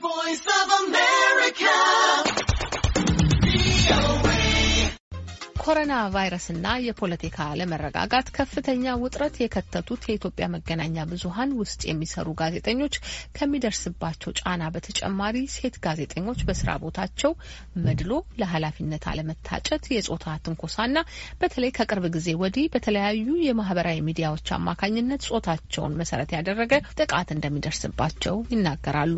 Voice of America. ኮሮና ቫይረስና የፖለቲካ አለመረጋጋት ከፍተኛ ውጥረት የከተቱት የኢትዮጵያ መገናኛ ብዙኃን ውስጥ የሚሰሩ ጋዜጠኞች ከሚደርስባቸው ጫና በተጨማሪ ሴት ጋዜጠኞች በስራ ቦታቸው መድሎ፣ ለኃላፊነት አለመታጨት፣ የጾታ ትንኮሳና በተለይ ከቅርብ ጊዜ ወዲህ በተለያዩ የማህበራዊ ሚዲያዎች አማካኝነት ጾታቸውን መሰረት ያደረገ ጥቃት እንደሚደርስባቸው ይናገራሉ።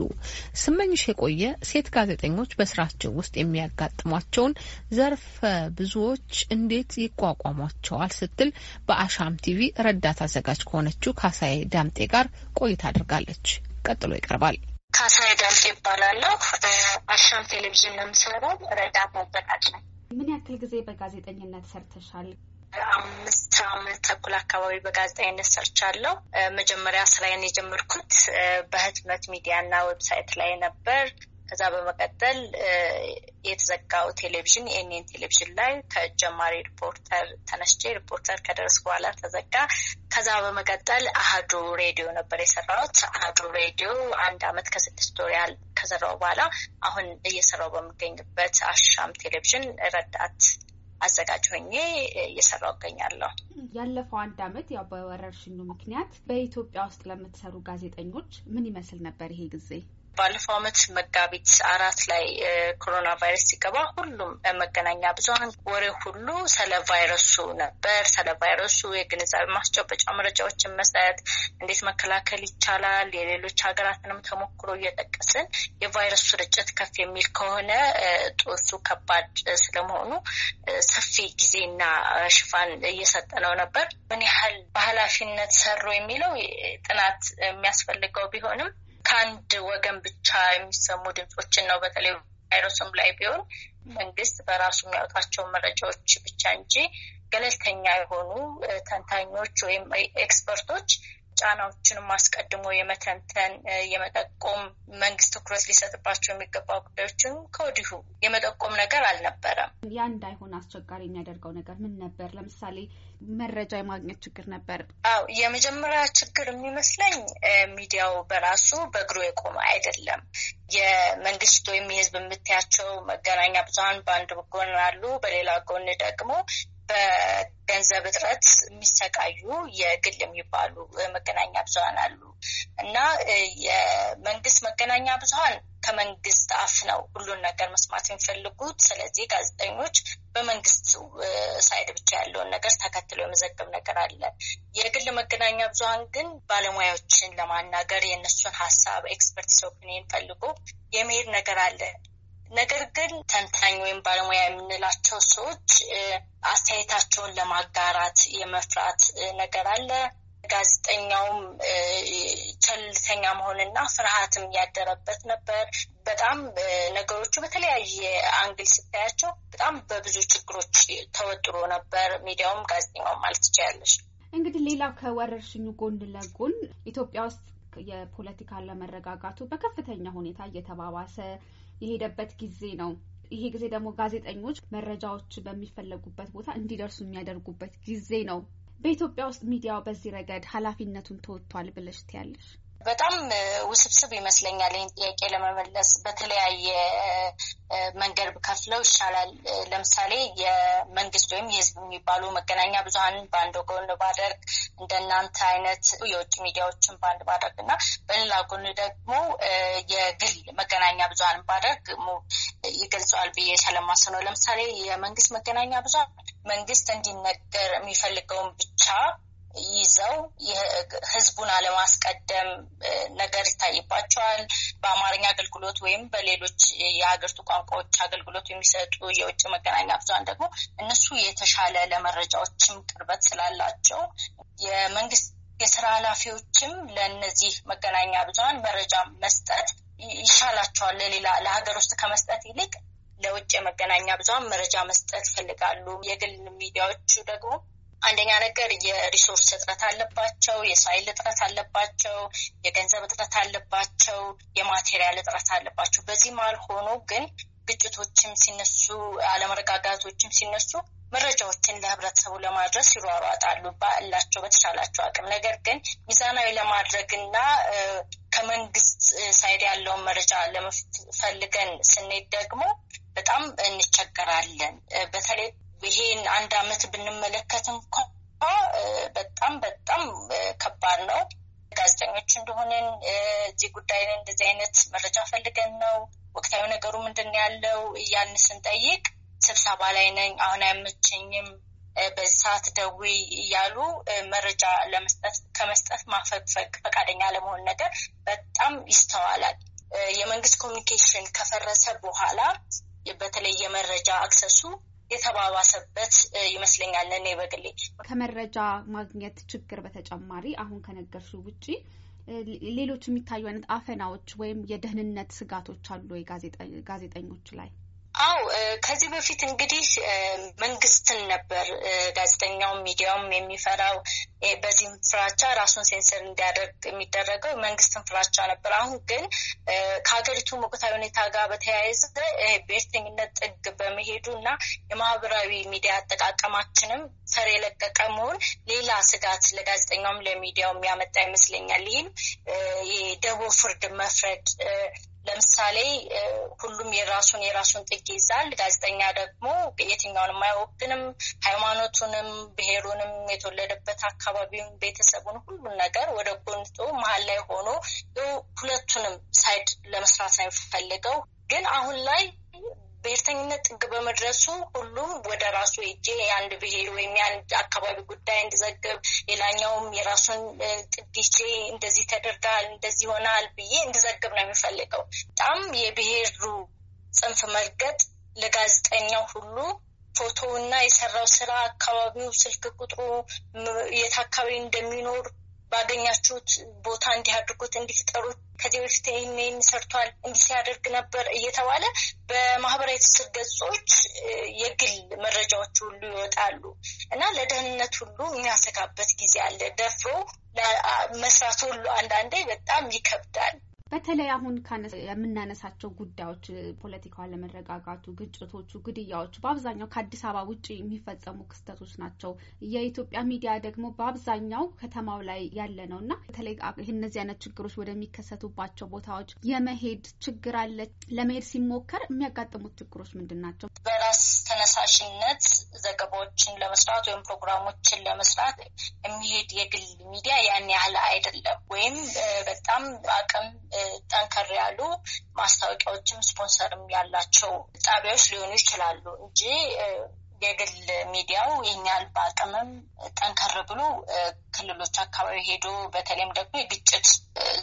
ስመኝሽ የቆየ ሴት ጋዜጠኞች በስራቸው ውስጥ የሚያጋጥሟቸውን ዘርፈ ብዙዎች እንዴት ይቋቋሟቸዋል ስትል በአሻም ቲቪ ረዳት አዘጋጅ ከሆነችው ካሳዬ ዳምጤ ጋር ቆይታ አድርጋለች። ቀጥሎ ይቀርባል። ካሳዬ ዳምጤ ይባላለሁ። አሻም ቴሌቪዥን የምሰራው። ረዳት አዘጋጅ ነው። ምን ያክል ጊዜ በጋዜጠኝነት ሰርተሻል? አምስት ዓመት ተኩል አካባቢ በጋዜጠኝነት ሰርቻለሁ። መጀመሪያ ስራዬን የጀመርኩት በህትመት ሚዲያ እና ዌብሳይት ላይ ነበር። ከዛ በመቀጠል የተዘጋው ቴሌቪዥን የኔን ቴሌቪዥን ላይ ከጀማሪ ሪፖርተር ተነስቼ ሪፖርተር ከደረስ በኋላ ተዘጋ። ከዛ በመቀጠል አህዱ ሬዲዮ ነበር የሰራሁት። አህዱ ሬዲዮ አንድ አመት ከስድስት ወር ያህል ከሰራው በኋላ አሁን እየሰራው በሚገኝበት አሻም ቴሌቪዥን ረዳት አዘጋጅ ሆኜ እየሰራው እገኛለሁ። ያለፈው አንድ አመት ያው በወረርሽኙ ምክንያት በኢትዮጵያ ውስጥ ለምትሰሩ ጋዜጠኞች ምን ይመስል ነበር ይሄ ጊዜ? ባለፈው ዓመት መጋቢት አራት ላይ ኮሮና ቫይረስ ሲገባ ሁሉም መገናኛ ብዙሀን ወሬ ሁሉ ስለ ቫይረሱ ነበር። ስለ ቫይረሱ የግንዛቤ ማስጨበጫ መረጃዎችን መስጠት፣ እንዴት መከላከል ይቻላል፣ የሌሎች ሀገራትንም ተሞክሮ እየጠቀስን የቫይረሱ ርጭት ከፍ የሚል ከሆነ ጦሱ ከባድ ስለመሆኑ ሰፊ ጊዜና ሽፋን እየሰጠ ነው ነበር። ምን ያህል በኃላፊነት ሰሩ የሚለው ጥናት የሚያስፈልገው ቢሆንም ከአንድ ወገን ብቻ የሚሰሙ ድምፆችን ነው። በተለይ ቫይረሱም ላይ ቢሆን መንግስት በራሱ የሚያወጣቸው መረጃዎች ብቻ እንጂ ገለልተኛ የሆኑ ተንታኞች ወይም ኤክስፐርቶች ጫናዎችንም አስቀድሞ የመተንተን የመጠቆም መንግስት ትኩረት ሊሰጥባቸው የሚገባ ጉዳዮችን ከወዲሁ የመጠቆም ነገር አልነበረም። ያ እንዳይሆን አስቸጋሪ የሚያደርገው ነገር ምን ነበር? ለምሳሌ መረጃ የማግኘት ችግር ነበር። አዎ የመጀመሪያ ችግር የሚመስለኝ ሚዲያው በራሱ በእግሩ የቆመ አይደለም። የመንግስት ወይም የህዝብ የምታያቸው መገናኛ ብዙሀን በአንድ ጎን አሉ፣ በሌላ ጎን ደግሞ በገንዘብ እጥረት የሚሰቃዩ የግል የሚባሉ መገናኛ ብዙሀን አሉ እና የመንግስት መገናኛ ብዙሀን ከመንግስት አፍ ነው ሁሉን ነገር መስማት የሚፈልጉት። ስለዚህ ጋዜጠኞች በመንግስት ሳይድ ብቻ ያለውን ነገር ተከትሎ የመዘገብ ነገር አለ። የግል መገናኛ ብዙሀን ግን ባለሙያዎችን ለማናገር የእነሱን ሀሳብ ኤክስፐርቲስ ኦፒኒየን ፈልጎ የመሄድ ነገር አለ። ነገር ግን ተንታኝ ወይም ባለሙያ የምንላቸው ሰዎች አስተያየታቸውን ለማጋራት የመፍራት ነገር አለ። ጋዜጠኛውም ቸልተኛ መሆንና ፍርሃትም ያደረበት ነበር። በጣም ነገሮቹ በተለያየ አንግል ስታያቸው በጣም በብዙ ችግሮች ተወጥሮ ነበር። ሚዲያውም ጋዜጠኛውም ማለት ትችላለች። እንግዲህ ሌላው ከወረርሽኙ ጎን ለጎን ኢትዮጵያ ውስጥ የፖለቲካ አለመረጋጋቱ በከፍተኛ ሁኔታ እየተባባሰ የሄደበት ጊዜ ነው። ይሄ ጊዜ ደግሞ ጋዜጠኞች መረጃዎች በሚፈለጉበት ቦታ እንዲደርሱ የሚያደርጉበት ጊዜ ነው። በኢትዮጵያ ውስጥ ሚዲያው በዚህ ረገድ ኃላፊነቱን ተወጥቷል ብለሽ ትያለሽ? በጣም ውስብስብ ይመስለኛል። ይህን ጥያቄ ለመመለስ በተለያየ መንገድ ከፍለው ይሻላል። ለምሳሌ የመንግስት ወይም የህዝብ የሚባሉ መገናኛ ብዙሀን በአንድ ጎን ባደርግ እንደናንተ አይነት የውጭ ሚዲያዎችን በአንድ ባደርግ እና በሌላ ጎን ደግሞ የግል መገናኛ ብዙሀን ባደርግ ይገልጸዋል ብዬ ስለማስብ ነው። ለምሳሌ የመንግስት መገናኛ ብዙሀን መንግስት እንዲነገር የሚፈልገውን ብቻ ይዘው ህዝቡን አለማስቀደም ነገር ይታይባቸዋል። በአማርኛ አገልግሎት ወይም በሌሎች የሀገሪቱ ቋንቋዎች አገልግሎት የሚሰጡ የውጭ መገናኛ ብዙሃን ደግሞ እነሱ የተሻለ ለመረጃዎችም ቅርበት ስላላቸው የመንግስት የስራ ኃላፊዎችም ለእነዚህ መገናኛ ብዙሃን መረጃ መስጠት ይሻላቸዋል። ለሌላ ለሀገር ውስጥ ከመስጠት ይልቅ ለውጭ የመገናኛ ብዙሃን መረጃ መስጠት ይፈልጋሉ። የግል ሚዲያዎቹ ደግሞ አንደኛ ነገር የሪሶርስ እጥረት አለባቸው፣ የሳይል እጥረት አለባቸው፣ የገንዘብ እጥረት አለባቸው፣ የማቴሪያል እጥረት አለባቸው። በዚህ መሀል ሆኖ ግን ግጭቶችም ሲነሱ አለመረጋጋቶችም ሲነሱ መረጃዎችን ለህብረተሰቡ ለማድረስ ይሯሯጣሉ ባላቸው በተሻላቸው አቅም። ነገር ግን ሚዛናዊ ለማድረግና ከመንግስት ሳይድ ያለውን መረጃ ለመፈልገን ስንሄድ ደግሞ በጣም እንቸገራለን። በተለይ ይሄን አንድ አመት ብንመለከት እንኳ በጣም በጣም ከባድ ነው። ጋዜጠኞች እንደሆንን እዚህ ጉዳይን እንደዚህ አይነት መረጃ ፈልገን ነው ወቅታዊ ነገሩ ምንድን ያለው እያልን ስንጠይቅ ስብሰባ ላይ ነኝ፣ አሁን አይመቸኝም፣ በዚህ ሰዓት ደውይ እያሉ መረጃ ለመስጠት ከመስጠት ማፈግፈግ፣ ፈቃደኛ ለመሆን ነገር በጣም ይስተዋላል። የመንግስት ኮሚኒኬሽን ከፈረሰ በኋላ በተለይ የመረጃ አክሰሱ የተባባሰበት ይመስለኛል። እኔ በግሌ ከመረጃ ማግኘት ችግር በተጨማሪ አሁን ከነገርሽ ውጪ ሌሎች የሚታዩ አይነት አፈናዎች ወይም የደህንነት ስጋቶች አሉ ወይ ጋዜጠኞች ላይ? አው ከዚህ በፊት እንግዲህ መንግስትን ነበር ጋዜጠኛውም ሚዲያውም የሚፈራው። በዚህም ፍራቻ ራሱን ሴንሰር እንዲያደርግ የሚደረገው መንግስትን ፍራቻ ነበር። አሁን ግን ከሀገሪቱ ወቅታዊ ሁኔታ ጋር በተያያዘ ብሔርተኝነት ጥግ በመሄዱ እና የማህበራዊ ሚዲያ አጠቃቀማችንም ፈር የለቀቀ መሆን ሌላ ስጋት ለጋዜጠኛውም ለሚዲያውም ያመጣ ይመስለኛል። ይህም የደቦ ፍርድ መፍረድ ለምሳሌ ሁሉም የራሱን የራሱን ጥግ ይዛል። ጋዜጠኛ ደግሞ የትኛውንም አይወግንም፣ ሃይማኖቱንም፣ ብሔሩንም፣ የተወለደበት አካባቢውን፣ ቤተሰቡን፣ ሁሉን ነገር ወደ ጎንጦ መሀል ላይ ሆኖ ሁለቱንም ሳይድ ለመስራት ነው የሚፈልገው ግን አሁን ላይ ብሔርተኝነት ጥግ በመድረሱ ሁሉም ወደ ራሱ ሄጄ የአንድ ብሔር ወይም የአንድ አካባቢ ጉዳይ እንድዘግብ፣ ሌላኛውም የራሱን ጥግ እንደዚህ ተደርጋል እንደዚህ ሆናል ብዬ እንድዘግብ ነው የሚፈልገው። በጣም የብሔሩ ጽንፍ መርገጥ ለጋዜጠኛው ሁሉ ፎቶውና የሰራው ስራ፣ አካባቢው፣ ስልክ ቁጥሩ፣ የት አካባቢ እንደሚኖር ባገኛችሁት ቦታ እንዲያድርጉት እንዲፍጠሩት ከዚህ በፊት ይህም ሰርቷል እንዲህ ሲያደርግ ነበር እየተባለ በማህበራዊ ትስስር ገጾች የግል መረጃዎች ሁሉ ይወጣሉ እና ለደህንነት ሁሉ የሚያሰጋበት ጊዜ አለ። ደፍሮ መስራት ሁሉ አንዳንዴ በጣም ይከብዳል። በተለይ አሁን የምናነሳቸው ጉዳዮች ፖለቲካው አለመረጋጋቱ፣ ግጭቶቹ፣ ግድያዎቹ በአብዛኛው ከአዲስ አበባ ውጭ የሚፈጸሙ ክስተቶች ናቸው። የኢትዮጵያ ሚዲያ ደግሞ በአብዛኛው ከተማው ላይ ያለ ነው እና በተለይ እነዚህ አይነት ችግሮች ወደሚከሰቱባቸው ቦታዎች የመሄድ ችግር አለ። ለመሄድ ሲሞከር የሚያጋጥሙት ችግሮች ምንድን ናቸው? በራስ ተነሳሽነት ዘገባዎችን ለመስራት ወይም ፕሮግራሞችን ለመስራት የሚሄድ የግል ሚዲያ ያን ያህል አይደለም። ወይም በጣም አቅም ጠንከር ያሉ ማስታወቂያዎችም ስፖንሰርም ያላቸው ጣቢያዎች ሊሆኑ ይችላሉ እንጂ የግል ሚዲያው ያህል በአቅምም ጠንከር ብሎ ክልሎች አካባቢ ሄዶ በተለይም ደግሞ የግጭት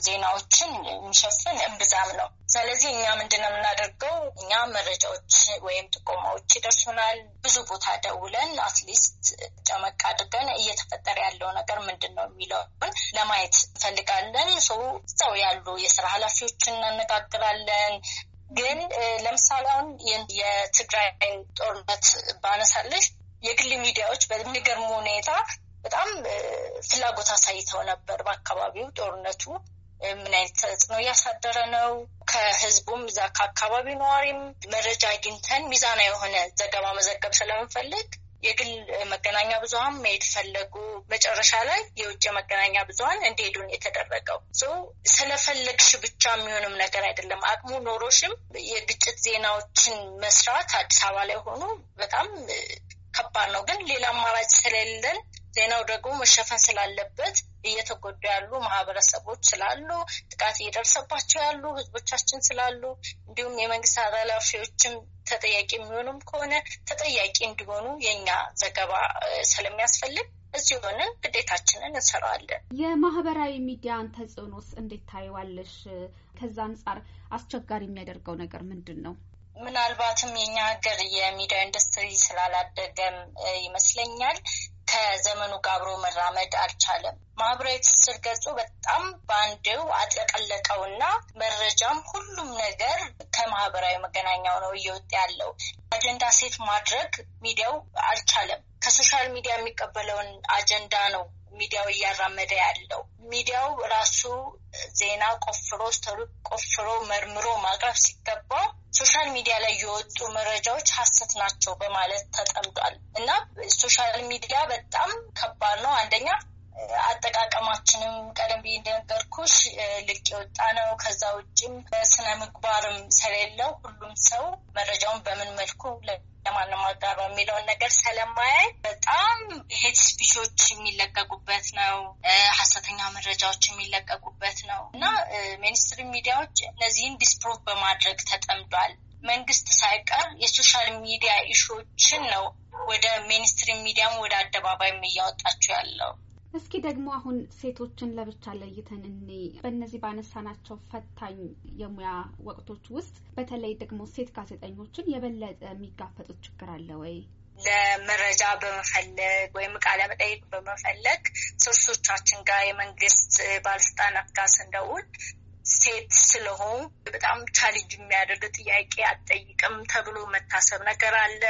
ዜናዎችን የሚሸፍን እምብዛም ነው። ስለዚህ እኛ ምንድነው የምናደርገው? እኛ መረጃዎች ወይም ጥቆማዎች ይደርሱናል። ብዙ ቦታ ደውለን አትሊስት ጨመቅ አድርገን እየተፈጠረ ያለው ነገር ምንድን ነው የሚለውን ለማየት እንፈልጋለን። ሰው ያሉ የስራ ኃላፊዎችን እናነጋግራለን። ግን ለምሳሌ አሁን የትግራይ ጦርነት ባነሳለች የግል ሚዲያዎች በሚገርሙ ሁኔታ በጣም ፍላጎት አሳይተው ነበር። በአካባቢው ጦርነቱ ምን አይነት ተጽዕኖ እያሳደረ ነው፣ ከህዝቡም እዛ ከአካባቢው ነዋሪም መረጃ አግኝተን ሚዛና የሆነ ዘገባ መዘገብ ስለምንፈልግ የግል መገናኛ ብዙሀን መሄድ ፈለጉ። መጨረሻ ላይ የውጭ መገናኛ ብዙሀን እንዲሄዱን የተደረገው ስለፈለግሽ ብቻ የሚሆንም ነገር አይደለም። አቅሙ ኖሮሽም የግጭት ዜናዎችን መስራት አዲስ አበባ ላይ ሆኖ በጣም ከባድ ነው። ግን ሌላ አማራጭ ስለሌለን ዜናው ደግሞ መሸፈን ስላለበት እየተጎዱ ያሉ ማህበረሰቦች ስላሉ፣ ጥቃት እየደረሰባቸው ያሉ ህዝቦቻችን ስላሉ፣ እንዲሁም የመንግስት ኃላፊዎችም ተጠያቂ የሚሆኑም ከሆነ ተጠያቂ እንዲሆኑ የኛ ዘገባ ስለሚያስፈልግ እዚህ ሆነን ግዴታችንን እንሰራዋለን። የማህበራዊ ሚዲያን ተጽዕኖስ እንዴት ታይዋለሽ? ከዛ አንጻር አስቸጋሪ የሚያደርገው ነገር ምንድን ነው? ምናልባትም የኛ ሀገር የሚዲያ ኢንዱስትሪ ስላላደገም ይመስለኛል ከዘመኑ ጋር አብሮ መራመድ አልቻለም። ማህበራዊ ትስስር ገጹ በጣም በአንዴው አጥለቀለቀውና መረጃም ሁሉም ነገር ከማህበራዊ መገናኛው ነው እየወጣ ያለው። አጀንዳ ሴት ማድረግ ሚዲያው አልቻለም። ከሶሻል ሚዲያ የሚቀበለውን አጀንዳ ነው ሚዲያው እያራመደ ያለው። ሚዲያው ራሱ ዜና ቆፍሮ ስተሩ ቆፍሮ መርምሮ ማቅረብ ሲገባው ሶሻል ሚዲያ ላይ የወጡ መረጃዎች ሀሰት ናቸው በማለት ተጠምዷል እና ሶሻል ሚዲያ በጣም ከባድ ነው። አንደኛ አጠቃቀማችንም ቀደም ብዬ እንደነገርኩሽ ልቅ የወጣ ነው። ከዛ ውጭም ስነ ምግባርም ስለሌለው ሁሉም ሰው መረጃውን በምን መልኩ ለማንም አጋር የሚለውን ነገር ስለማያይ በጣም ሄት ስፒቾች የሚለቀቁበት ነው። ሀሰተኛ መረጃዎች የሚለቀቁበት ነው እና ሚኒስትሪ ሚዲያዎች እነዚህን ዲስፕሮቭ በማድረግ ተጠምዷል። መንግስት ሳይቀር የሶሻል ሚዲያ ኢሹዎችን ነው ወደ ሚኒስትሪ ሚዲያም ወደ አደባባይም እያወጣቸው ያለው እስኪ ደግሞ አሁን ሴቶችን ለብቻ ለይተን እኔ በእነዚህ ባነሳናቸው ፈታኝ የሙያ ወቅቶች ውስጥ በተለይ ደግሞ ሴት ጋዜጠኞችን የበለጠ የሚጋፈጡት ችግር አለ ወይ? ለመረጃ በመፈለግ ወይም ቃለ መጠይቅ በመፈለግ ሶርሶቻችን ጋር የመንግስት ባለስልጣናት ጋር ስንደውል ሴት ስለሆን በጣም ቻሌንጅ የሚያደርግ ጥያቄ አጠይቅም ተብሎ መታሰብ ነገር አለ።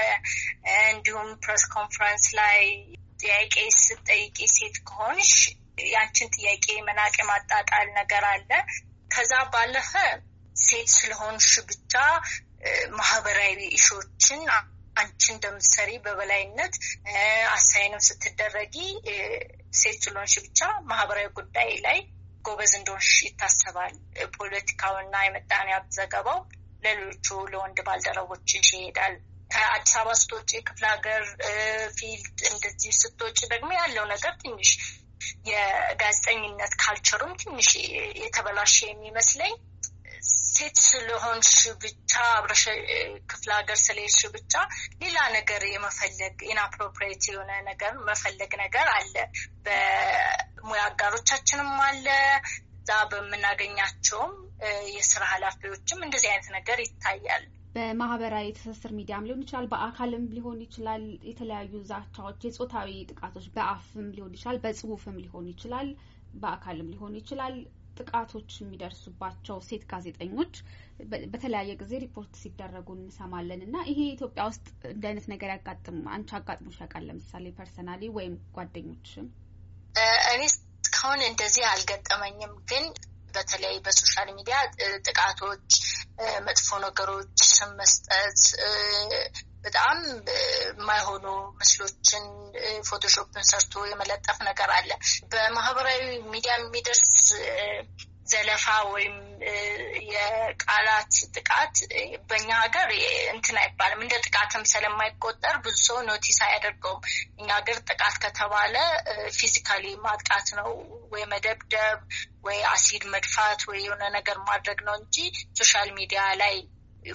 እንዲሁም ፕሬስ ኮንፈረንስ ላይ ጥያቄ ስጠይቂ ሴት ከሆንሽ ያንችን ጥያቄ መናቅ ማጣጣል ነገር አለ። ከዛ ባለፈ ሴት ስለሆንሽ ብቻ ማህበራዊ እሾችን አንቺ እንደምትሰሪ በበላይነት አሳይንም ስትደረጊ ሴት ስለሆንሽ ብቻ ማህበራዊ ጉዳይ ላይ ጎበዝ እንደሆንሽ ይታሰባል። ፖለቲካውና የመጣን ዘገባው ለሌሎቹ ለወንድ ባልደረቦች ይሄዳል። ከአዲስ አበባ ስትወጪ ክፍለ ሀገር ፊልድ እንደዚህ ስትወጪ ደግሞ ያለው ነገር ትንሽ የጋዜጠኝነት ካልቸሩም ትንሽ የተበላሸ የሚመስለኝ ሴት ስለሆንሽ ብቻ አብረሽ ክፍለ ሀገር ስለሄድሽ ብቻ ሌላ ነገር የመፈለግ ኢንአፕሮፕሬት የሆነ ነገር መፈለግ ነገር አለ። በሙያ አጋሮቻችንም አለ እዛ በምናገኛቸውም የስራ ኃላፊዎችም እንደዚህ አይነት ነገር ይታያል። በማህበራዊ ትስስር ሚዲያም ሊሆን ይችላል፣ በአካልም ሊሆን ይችላል። የተለያዩ ዛቻዎች፣ የጾታዊ ጥቃቶች በአፍም ሊሆን ይችላል፣ በጽሁፍም ሊሆን ይችላል፣ በአካልም ሊሆን ይችላል። ጥቃቶች የሚደርሱባቸው ሴት ጋዜጠኞች በተለያየ ጊዜ ሪፖርት ሲደረጉ እንሰማለን እና ይሄ ኢትዮጵያ ውስጥ እንደ አይነት ነገር ያጋጥም አንቺ አጋጥሞሽ ያውቃል? ለምሳሌ ፐርሰናሊ ወይም ጓደኞችም? እኔ እስካሁን እንደዚህ አልገጠመኝም፣ ግን በተለይ በሶሻል ሚዲያ ጥቃቶች፣ መጥፎ ነገሮች፣ ስም መስጠት በጣም የማይሆኑ ምስሎችን ፎቶሾፕን ሰርቶ የመለጠፍ ነገር አለ። በማህበራዊ ሚዲያ የሚደርስ ዘለፋ ወይም የቃላት ጥቃት በኛ ሀገር እንትን አይባልም፣ እንደ ጥቃትም ስለማይቆጠር ብዙ ሰው ኖቲስ አያደርገውም። እኛ ሀገር ጥቃት ከተባለ ፊዚካሊ ማጥቃት ነው ወይ መደብደብ፣ ወይ አሲድ መድፋት፣ ወይ የሆነ ነገር ማድረግ ነው እንጂ ሶሻል ሚዲያ ላይ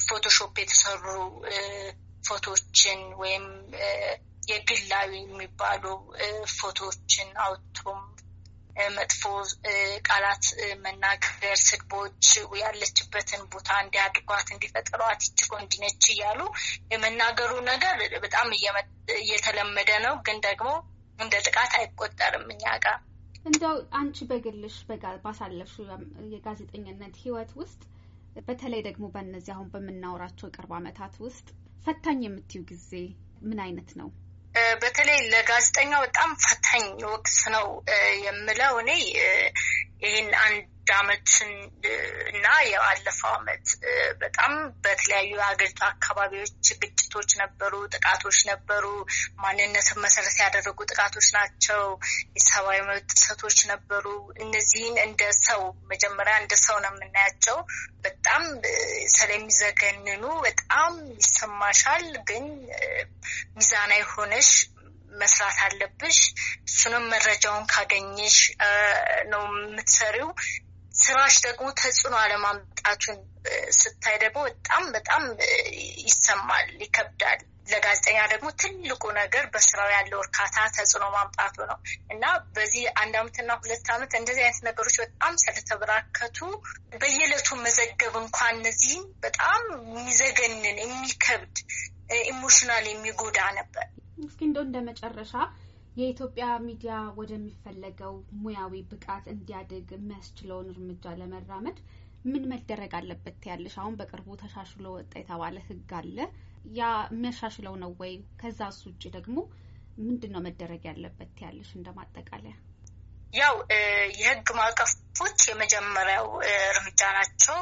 ፎቶሾፕ የተሰሩ ፎቶዎችን ወይም የግላዊ የሚባሉ ፎቶዎችን አውቶም መጥፎ ቃላት መናገር፣ ስድቦች ያለችበትን ቦታ እንዲያድጓት እንዲፈጥሯት ይችኮ እንዲነች እያሉ የመናገሩ ነገር በጣም እየተለመደ ነው። ግን ደግሞ እንደ ጥቃት አይቆጠርም እኛ ጋር። እንዲያው አንቺ በግልሽ ባሳለፍሽው የጋዜጠኝነት ህይወት ውስጥ በተለይ ደግሞ በእነዚህ አሁን በምናወራቸው ቅርብ ዓመታት ውስጥ ፈታኝ የምትዩ ጊዜ ምን አይነት ነው? በተለይ ለጋዜጠኛ በጣም ፈታኝ ወቅት ነው የምለው እኔ ይህን አንድ አመትን እና የባለፈው አመት በጣም በተለያዩ የሀገሪቱ አካባቢዎች ግጭቶች ነበሩ፣ ጥቃቶች ነበሩ። ማንነትን መሰረት ያደረጉ ጥቃቶች ናቸው። የሰብአዊ መብት ጥሰቶች ነበሩ። እነዚህን እንደ ሰው መጀመሪያ እንደ ሰው ነው የምናያቸው። በጣም ስለሚዘገንኑ በጣም ይሰማሻል ግን ሚዛናዊ ሆነሽ መስራት አለብሽ። እሱንም መረጃውን ካገኘሽ ነው የምትሰሪው። ስራሽ ደግሞ ተጽዕኖ አለማምጣቱን ስታይ ደግሞ በጣም በጣም ይሰማል፣ ይከብዳል። ለጋዜጠኛ ደግሞ ትልቁ ነገር በስራው ያለው እርካታ ተጽዕኖ ማምጣቱ ነው እና በዚህ አንድ አመትና ሁለት አመት እንደዚህ አይነት ነገሮች በጣም ስለተበራከቱ በየዕለቱ መዘገብ እንኳን እነዚህም በጣም የሚዘገንን የሚከብድ ኢሞሽናል የሚጎዳ ነበር። እስኪ እንደው እንደ መጨረሻ የኢትዮጵያ ሚዲያ ወደሚፈለገው ሙያዊ ብቃት እንዲያድግ የሚያስችለውን እርምጃ ለመራመድ ምን መደረግ አለበት ያለሽ? አሁን በቅርቡ ተሻሽሎ ወጣ የተባለ ህግ አለ። ያ የሚያሻሽለው ነው ወይ? ከዛ እሱ ውጭ ደግሞ ምንድን ነው መደረግ ያለበት ያለሽ እንደ ማጠቃለያ? ያው የህግ ማዕቀፎች የመጀመሪያው እርምጃ ናቸው።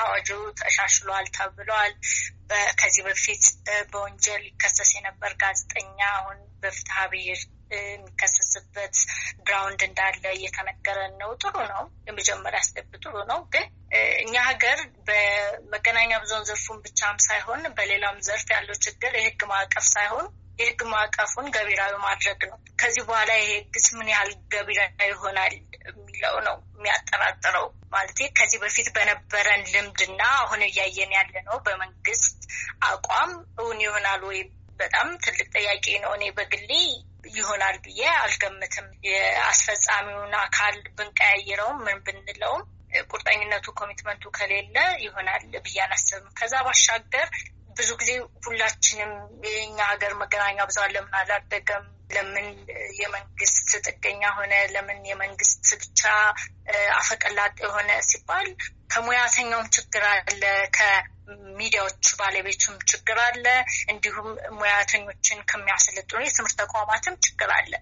አዋጁ ተሻሽሏል ተብሏል። ከዚህ በፊት በወንጀል ሊከሰስ የነበር ጋዜጠኛ አሁን በፍትሐ ብሔር የሚከሰስበት ግራውንድ እንዳለ እየተነገረን ነው። ጥሩ ነው። የመጀመሪያ ስቴፕ ጥሩ ነው። ግን እኛ ሀገር በመገናኛ ብዙኃን ዘርፉን ብቻም ሳይሆን በሌላም ዘርፍ ያለው ችግር የህግ ማዕቀፍ ሳይሆን የህግ ማዕቀፉን ገቢራዊ ማድረግ ነው። ከዚህ በኋላ ይሄ ህግስ ምን ያህል ገቢራዊ ይሆናል የሚለው ነው የሚያጠራጥረው። ማለት ከዚህ በፊት በነበረን ልምድና አሁን እያየን ያለ ነው በመንግስት አቋም እውን ይሆናል ወይ በጣም ትልቅ ጥያቄ ነው። እኔ በግሌ ይሆናል ብዬ አልገምትም። የአስፈጻሚውን አካል ብንቀያይረውም ምን ብንለውም ቁርጠኝነቱ ኮሚትመንቱ ከሌለ ይሆናል ብዬ አላስብም። ከዛ ባሻገር ብዙ ጊዜ ሁላችንም የኛ ሀገር መገናኛ ብዙሃን ለምን አላደገም ለምን የመንግስት ጥገኛ ሆነ? ለምን የመንግስት ብቻ አፈቀላጤ የሆነ ሲባል ከሙያተኛውም ችግር አለ፣ ከሚዲያዎቹ ባለቤቱም ችግር አለ። እንዲሁም ሙያተኞችን ከሚያሰለጥኑ የትምህርት ተቋማትም ችግር አለ።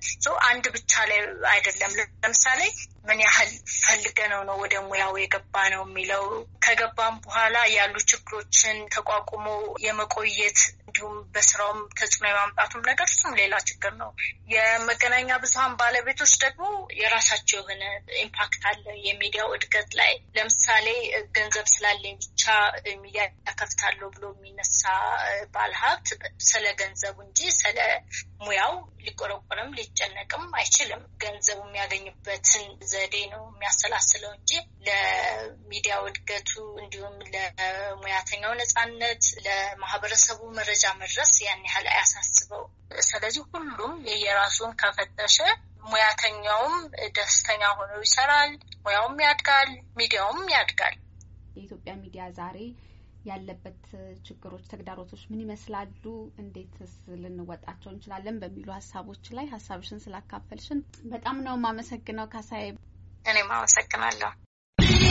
አንድ ብቻ ላይ አይደለም። ለምሳሌ ምን ያህል ፈልገ ነው ነው ወደ ሙያው የገባ ነው የሚለው ከገባም በኋላ ያሉ ችግሮችን ተቋቁሞ የመቆየት እንዲሁም በስራውም ተጽዕኖ የማምጣቱም ነገር እሱም ሌላ ችግር ነው። የመገናኛ ብዙሀን ባለቤቶች ደግሞ የራሳቸው የሆነ ኢምፓክት አለ የሚዲያው እድገት ላይ። ለምሳሌ ገንዘብ ስላለኝ ብቻ ሚዲያ ያከፍታለሁ ብሎ የሚነሳ ባለሀብት ስለ ገንዘቡ እንጂ ስለ ሙያው ሊቆረቆርም ሊጨነቅም አይችልም። ገንዘቡ የሚያገኝበትን ዘዴ ነው የሚያሰላስለው እንጂ ለሚዲያ ውድገቱ እንዲሁም ለሙያተኛው ነጻነት፣ ለማህበረሰቡ መረጃ መድረስ ያን ያህል አያሳስበው። ስለዚህ ሁሉም የየራሱን ከፈተሸ ሙያተኛውም ደስተኛ ሆኖ ይሰራል፣ ሙያውም ያድጋል፣ ሚዲያውም ያድጋል። የኢትዮጵያ ሚዲያ ዛሬ ያለበት ችግሮች፣ ተግዳሮቶች ምን ይመስላሉ? እንዴትስ ልንወጣቸው እንችላለን? በሚሉ ሀሳቦች ላይ ሀሳብሽን ስላካፈልሽን በጣም ነው የማመሰግነው ካሳዬ። እኔም አመሰግናለሁ።